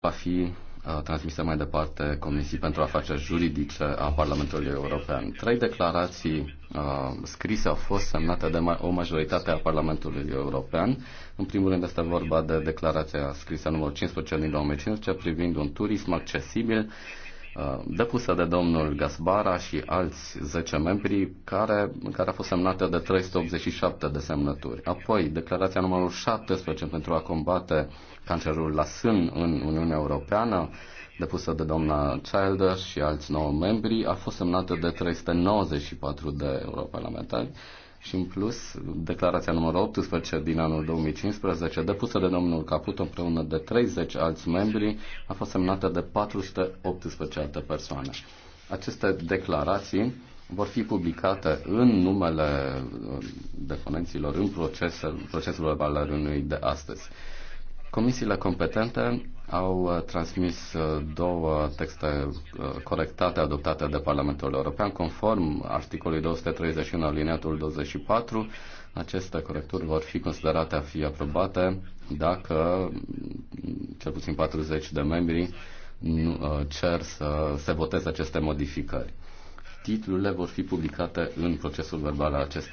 va fi uh, transmisă mai departe Comisiei pentru Afaceri Juridice a Parlamentului European. Trei declarații uh, scrise au fost semnate de o majoritate a Parlamentului European. În primul rând este vorba de declarația scrisă numărul 15 din 2015 privind un turism accesibil depusă de domnul Gasbara și alți 10 membri, care, care a fost semnată de 387 de semnături. Apoi, declarația numărul 17 pentru a combate cancerul la sân în Uniunea Europeană, depusă de doamna Childer și alți 9 membri, a fost semnată de 394 de europarlamentari și în plus declarația numărul 18 din anul 2015, depusă de domnul Caputo împreună de 30 alți membri, a fost semnată de 418 alte persoane. Aceste declarații vor fi publicate în numele uh, deponenților în procesul procesul de de astăzi. Comisiile competente au uh, transmis uh, două texte uh, corectate adoptate de Parlamentul European conform articolului 231 alineatul 24. Aceste corecturi vor fi considerate a fi aprobate dacă mm, cel puțin 40 de membri cer să se voteze aceste modificări. Titlurile vor fi publicate în procesul verbal al acestei